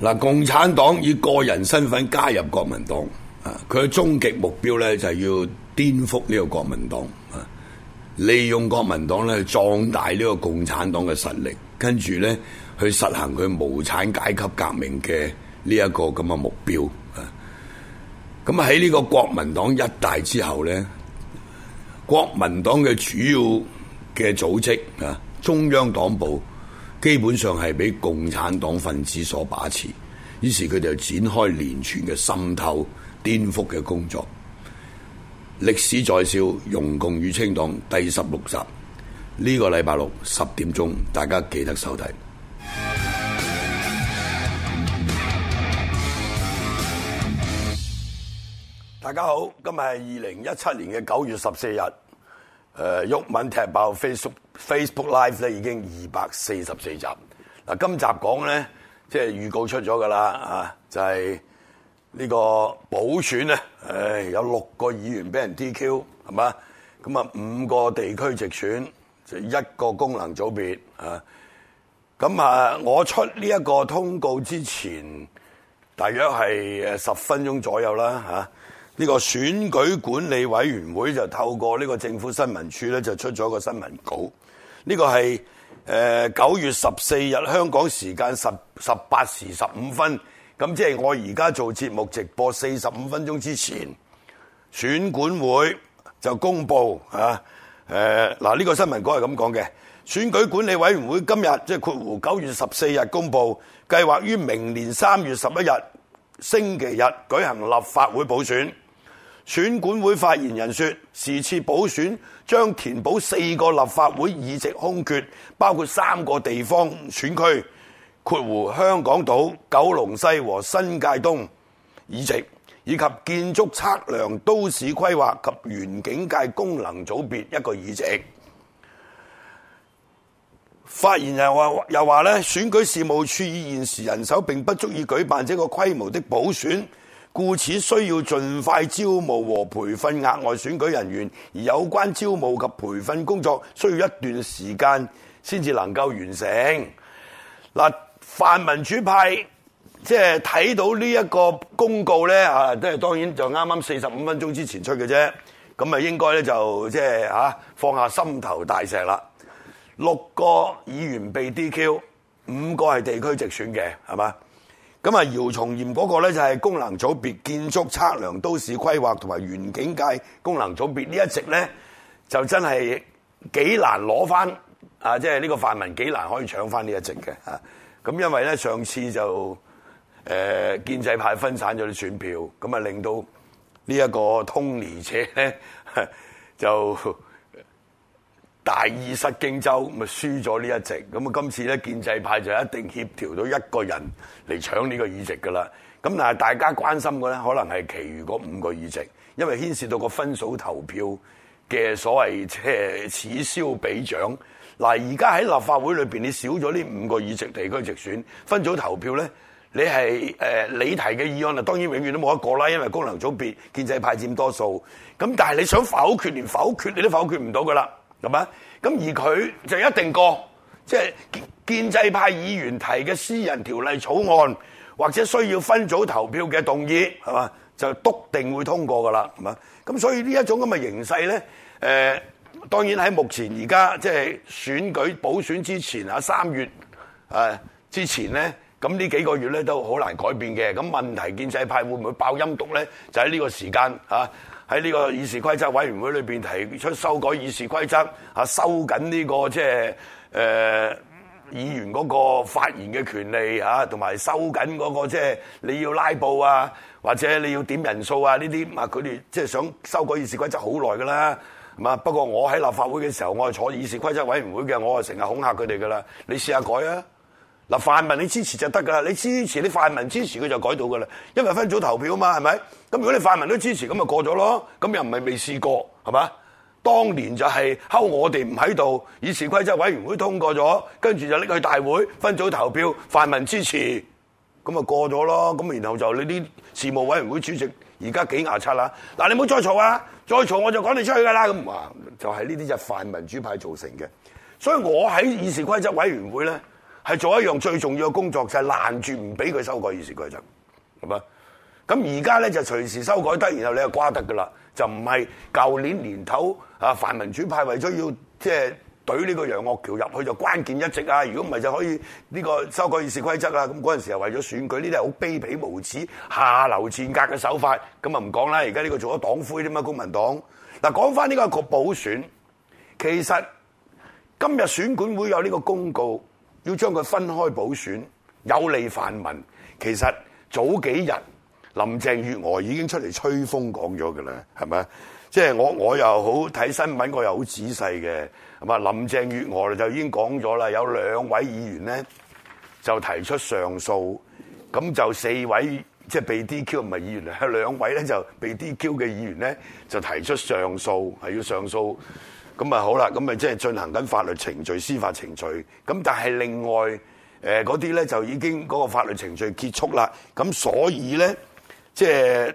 嗱，共產黨以個人身份加入國民黨，啊，佢嘅終極目標咧就係要顛覆呢個國民黨，啊，利用國民黨咧去壯大呢個共產黨嘅實力，跟住咧去實行佢無產階級革命嘅呢一個咁嘅目標，啊，咁喺呢個國民黨一大之後咧，國民黨嘅主要嘅組織啊，中央黨部。基本上係被共產黨分子所把持，於是佢哋就展開連串嘅滲透、顛覆嘅工作。歷史在笑，容共與清黨第十六集。呢個禮拜六，十點鐘，大家記得收睇。大家好，今日係二零一七年嘅九月十四日。誒毓民踢爆 Facebook Facebook Live 咧已經二百四十四集，嗱今集講咧即係預告出咗㗎啦啊，就係、是、呢個補選咧，誒有六個議員俾人 DQ 係嘛，咁啊五個地區直選，就一個功能組別啊，咁啊我出呢一個通告之前，大約係誒十分鐘左右啦嚇呢個選舉管理委員會就透過呢個政府新聞處咧，就出咗個新聞稿。呢個係誒九月十四日香港時間十十八時十五分，咁即係我而家做節目直播四十五分鐘之前，選管會就公布啊，誒嗱呢個新聞稿係咁講嘅。選舉管理委員會今日即係括弧九月十四日公佈，計劃於明年三月十一日星期日舉行立法會補選。選管會發言人說，是次補選將填補四個立法會議席空缺，包括三個地方選區，括弧香港島、九龍西和新界東議席，以及建築測量、都市規劃及園境界功能組別一個議席。發言人話又話咧，選舉事務處以現時人手並不足以舉辦這個規模的補選。故此需要盡快招募和培訓額外選舉人員，而有關招募及培訓工作需要一段時間先至能夠完成。嗱，泛民主派即係睇到呢一個公告呢啊，即係當然就啱啱四十五分鐘之前出嘅啫，咁啊應該咧就即係啊放下心頭大石啦。六個議員被 DQ，五個係地區直選嘅，係嘛？咁啊，姚松炎嗰個咧就係功能組別建築測量都市規劃同埋園景界功能組別呢一席咧，就真係幾難攞翻啊！即係呢個泛民幾難可以搶翻呢一席嘅吓。咁因為咧上次就誒、呃、建制派分散咗啲選票，咁啊令到呢一個 Tony Tse 咧就。大意失荊州，咪輸咗呢一席。咁啊，今次咧建制派就一定協調到一個人嚟，搶呢個議席㗎啦。咁但係大家關心嘅咧，可能係其餘嗰五個議席，因為牽涉到個分組投票嘅所謂即係此消彼長。嗱，而家喺立法會裏邊，你少咗呢五個議席地區直選分組投票咧，你係誒、呃、你提嘅議案啊，當然永遠都冇一個啦，因為功能組別建制派佔多數。咁但係你想否決，連否決你都否決唔到㗎啦。係嘛？咁而佢就一定過，即係建制派議員提嘅私人條例草案，或者需要分組投票嘅動議，係嘛？就篤定會通過噶啦，係嘛？咁所以呢一種咁嘅形勢咧，誒、呃，當然喺目前而家即係選舉補選之前啊，三月之前咧，咁呢幾個月咧都好難改變嘅。咁問題建制派會唔會爆陰毒咧？就喺呢個時間喺呢個議事規則委員會裏邊提出修改議事規則，嚇收緊呢個即係誒議員嗰個發言嘅權利嚇，同埋收緊嗰個即係你要拉布啊，或者你要點人數啊呢啲啊，佢哋即係想修改議事規則好耐㗎啦。嘛，不過我喺立法會嘅時候，我係坐議事規則委員會嘅，我係成日恐嚇佢哋㗎啦。你試下改啊！嗱，泛民你支持就得噶啦，你支持啲泛民支持佢就改到噶啦，因為分組投票啊嘛，係咪？咁如果你泛民都支持，咁咪過咗咯，咁又唔係未試過係嘛？當年就係睺我哋唔喺度，議事規則委員會通過咗，跟住就拎去大會分組投票，泛民支持，咁咪過咗咯，咁然後就你啲事務委員會主席而家幾牙刷啦？嗱，你唔好再嘈啊，再嘈我就趕你出去噶啦咁。啊，就係呢啲就泛民主派造成嘅，所以我喺議事規則委員會咧。係做一樣最重要嘅工作，就係、是、攔住唔俾佢修改議事規則，係咪？咁而家咧就隨時修改得，然後你就瓜得噶啦，就唔係舊年年頭啊，泛民主派為咗要即係懟呢個楊岳橋入去就關鍵一席啊！如果唔係就可以呢個修改議事規則啦。咁嗰陣時係為咗選舉，呢啲係好卑鄙無恥、下流賤格嘅手法。咁啊唔講啦，而家呢個做咗黨魁添嘛，公民黨。嗱講翻呢個個補選，其實今日選管會有呢個公告。要將佢分開補選，有利泛民。其實早幾日林鄭月娥已經出嚟吹風講咗㗎啦，係咪？即係我我又好睇新聞，我又好仔細嘅。係嘛？林鄭月娥就已經講咗啦，有兩位議員咧就提出上訴，咁就四位即係被 DQ 唔係議員，係兩位咧就被 DQ 嘅議員咧就提出上訴，係要上訴。咁咪好啦，咁咪即係進行緊法律程序、司法程序。咁但係另外，誒嗰啲咧就已經嗰個法律程序結束啦。咁所以咧，即係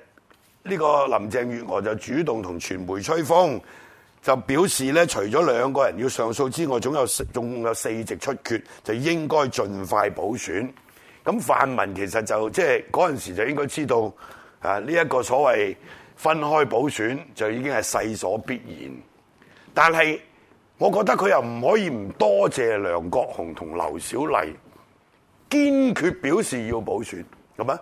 呢個林鄭月娥就主動同傳媒吹風，就表示咧，除咗兩個人要上訴之外，總有總共有四席出缺，就應該盡快補選，咁泛民其實就即係嗰陣時就應該知道，啊呢一個所謂分開補選，就已經係勢所必然。但係，我覺得佢又唔可以唔多謝梁國雄同劉小麗，堅決表示要補選，咁啊？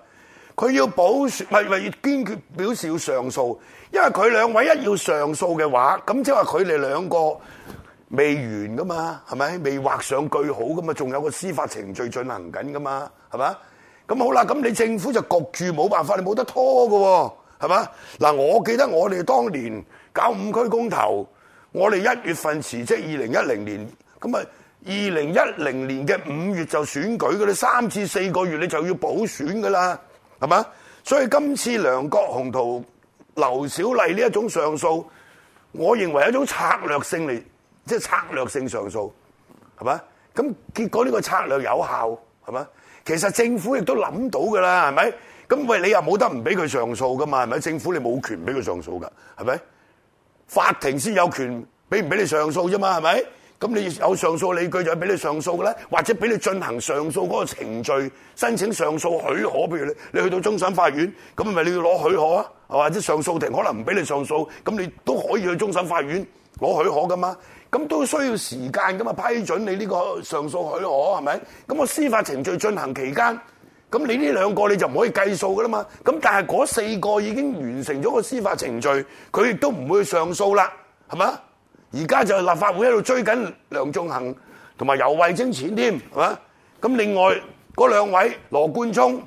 佢要補選，咪咪要堅決表示要上訴，因為佢兩位一要上訴嘅話，咁即係話佢哋兩個未完噶嘛，係咪？未畫上句號噶嘛，仲有個司法程序進行緊噶嘛，係咪？咁好啦，咁你政府就焗住冇辦法，你冇得拖噶喎，係嘛？嗱，我記得我哋當年搞五區公投。我哋一月份辭職，二零一零年咁啊，二零一零年嘅五月就選舉㗎。你三至四個月你就要補選噶啦，係嘛？所以今次梁國雄同劉小麗呢一種上訴，我認為一種策略性嚟，即係策略性上訴，係嘛？咁結果呢個策略有效係嘛？其實政府亦都諗到噶啦，係咪？咁喂，你又冇得唔俾佢上訴噶嘛？係咪？政府你冇權俾佢上訴噶，係咪？法庭先有權俾唔俾你上訴啫嘛，係咪？咁你有上訴理據就俾你上訴嘅咧，或者俾你進行上訴嗰個程序，申請上訴許可，譬如你你去到終審法院，咁咪你要攞許可啊，係咪？即上訴庭可能唔俾你上訴，咁你都可以去終審法院攞許可噶嘛，咁都需要時間㗎嘛，批准你呢個上訴許可，係咪？咁個司法程序進行期間。咁你呢兩個你就唔可以計數噶啦嘛，咁但係嗰四個已經完成咗個司法程序，佢亦都唔會上訴啦，係咪啊？而家就立法會喺度追緊梁頌恆同埋游蕙禎錢添，係咪啊？咁另外嗰兩位羅冠聰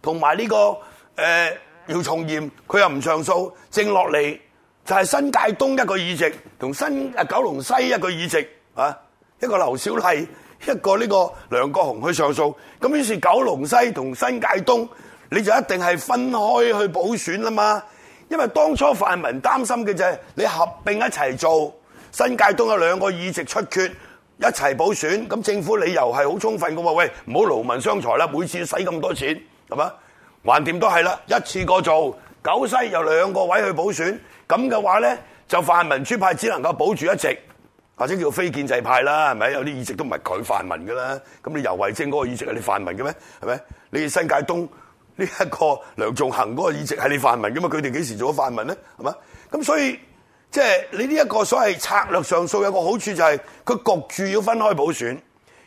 同埋呢個誒、呃、姚松炎，佢又唔上訴，剩落嚟就係新界東一個議席同新九龍西一個議席啊，一個劉小麗。一個呢個梁國雄去上訴，咁於是九龍西同新界東你就一定係分開去補選啦嘛，因為當初泛民擔心嘅就係你合併一齊做，新界東有兩個議席出缺，一齊補選，咁政府理由係好充分㗎嘛。喂，唔好勞民傷財啦，每次使咁多錢係嘛，橫掂都係啦，一次過做九西有兩個位去補選，咁嘅話呢，就泛民主派只能夠保住一席。或者叫非建制派啦，係咪？有啲議席都唔係佢泛民㗎啦。咁你游蕙禎嗰個議席係你泛民嘅咩？係咪？你新界東呢一個梁頌恆嗰個議席係你泛民嘅嘛？佢哋幾時做咗泛民咧？係咪？咁所以即係、就是、你呢一個所謂策略上訴有個好處就係佢焗住要分開補選。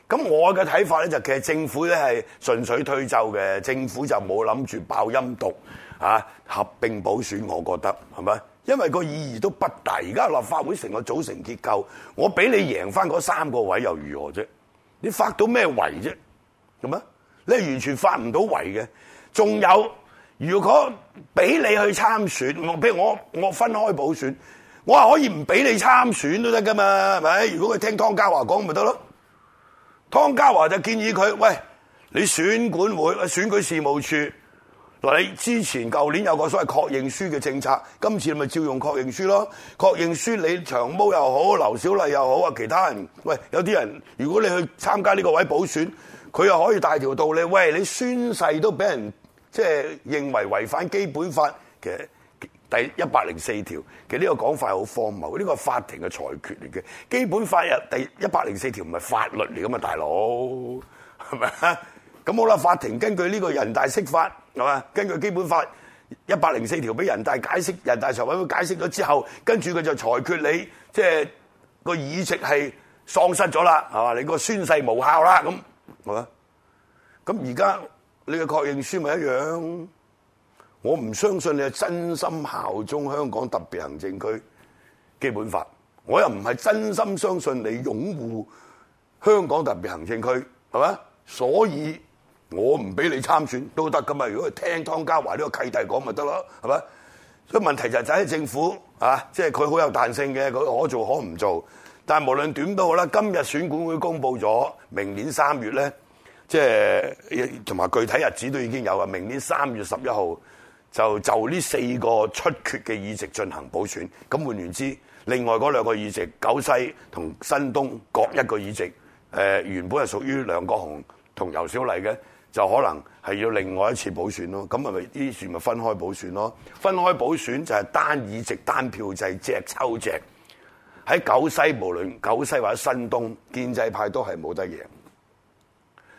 咁我嘅睇法咧就其實政府咧係純粹推就嘅，政府就冇諗住爆陰毒合併補選。我覺得係咪？是因為個意義都不大，而家立法會成個組成結構，我俾你贏翻嗰三個位又如何啫？你發到咩圍啫？你完全發唔到圍嘅。仲有，如果俾你去參選，譬如我我分開補選，我話，可以唔俾你參選都得噶嘛？係咪？如果佢聽湯家驊講咪得咯？湯家驊就建議佢：喂，你選管會，選舉事務處。嗱，你之前舊年有個所謂確認書嘅政策，今次你咪照用確認書咯。確認書你長毛又好，劉小麗又好啊，其他人喂，有啲人如果你去參加呢個位補選，佢又可以大條道理。喂，你宣誓都俾人即係認為違反基本法嘅第一百零四條嘅呢個講法好荒謬，呢個法庭嘅裁決嚟嘅。基本法入第一百零四條唔係法律嚟噶嘛，大佬，係咪？咁好啦，法庭根據呢個人大釋法。係嘛？根據基本法一百零四條，俾人大解釋，人大常委會解釋咗之後，跟住佢就裁決你，即係個議席係喪失咗啦，係嘛？你個宣誓無效啦，咁係嘛？咁而家你嘅確認書咪一樣？我唔相信你係真心效忠香港特別行政區基本法，我又唔係真心相信你擁護香港特別行政區，係嘛？所以。我唔俾你參選都得噶嘛，如果佢聽湯家驊呢個契弟講咪得咯，係咪？所以問題就係喺政府啊，即係佢好有彈性嘅，佢可做可唔做。但係無論點都好啦，今日選管會公布咗，明年三月咧，即係同埋具體日子都已經有嘅。明年三月十一號就就呢四個出缺嘅議席進行補選。咁換言之，另外嗰兩個議席，九西同新東各一個議席，誒、呃、原本係屬於梁國雄同劉小麗嘅。就可能係要另外一次補選咯，咁係咪啲選咪分開補選咯？分開補選就係單議席單票制，只抽只喺九西，無論九西或者新東，建制派都係冇得贏。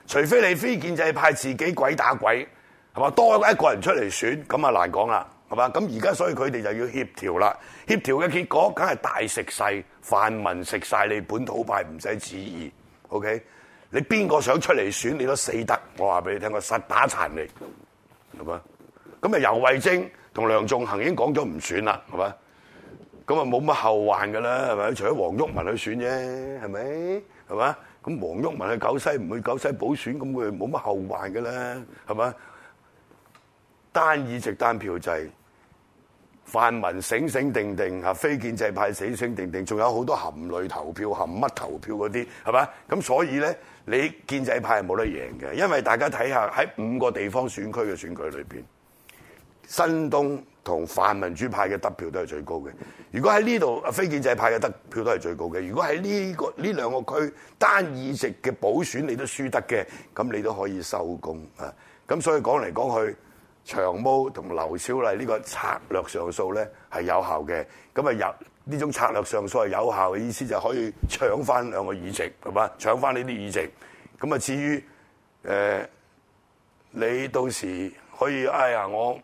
除非你非建制派自己鬼打鬼，係嘛，多一個人出嚟選，咁啊難講啦，係嘛？咁而家所以佢哋就要協調啦，協調嘅結果梗係大食細，泛民食晒，你本土派，唔使旨意，OK。你邊個想出嚟選，你都死得。我話俾你聽，我實打殘你，係嘛？咁啊，游蕙禎同梁頌恆已經講咗唔選啦，係嘛？咁啊，冇乜後患噶啦，係咪？除咗黃毓民去選啫，係咪？係嘛？咁黃毓民去九西唔去九西補選，咁佢冇乜後患噶啦，係嘛？單議席單票制。泛民醒醒定定啊，非建制派死死定定，仲有好多含淚投票、含乜投票嗰啲，係嘛？咁所以咧，你建制派係冇得贏嘅，因為大家睇下喺五個地方選區嘅選舉裏邊，新東同泛民主派嘅得票都係最高嘅。如果喺呢度啊，非建制派嘅得票都係最高嘅。如果喺呢個呢兩個區單議席嘅補選你都輸得嘅，咁你都可以收工啊。咁所以講嚟講去。長毛同劉小麗呢個策略上訴咧，係有效嘅。咁啊入呢種策略上訴係有效嘅意思就可以搶翻兩個議席係嘛？搶翻呢啲議席。咁啊至於、呃、你到時可以哎呀，我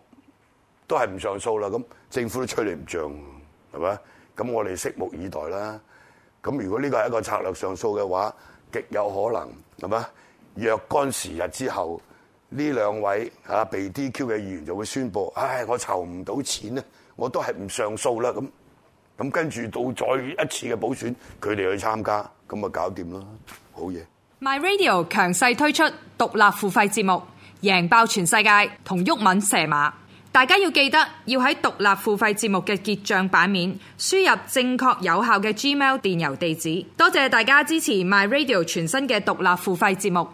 都係唔上訴啦，咁政府都吹你唔脹係嘛？咁我哋拭目以待啦。咁如果呢個係一個策略上訴嘅話，極有可能係嘛？若干時日之後。呢兩位嚇被 DQ 嘅議員就會宣佈，唉，我籌唔到錢，我都係唔上訴啦。咁咁跟住到再一次嘅補選，佢哋去參加，咁咪搞掂咯，好嘢！My Radio 強勢推出獨立付費節目，贏爆全世界，同毓民射馬。大家要記得要喺獨立付費節目嘅結帳版面輸入正確有效嘅 Gmail 電郵地址。多謝大家支持 My Radio 全新嘅獨立付費節目。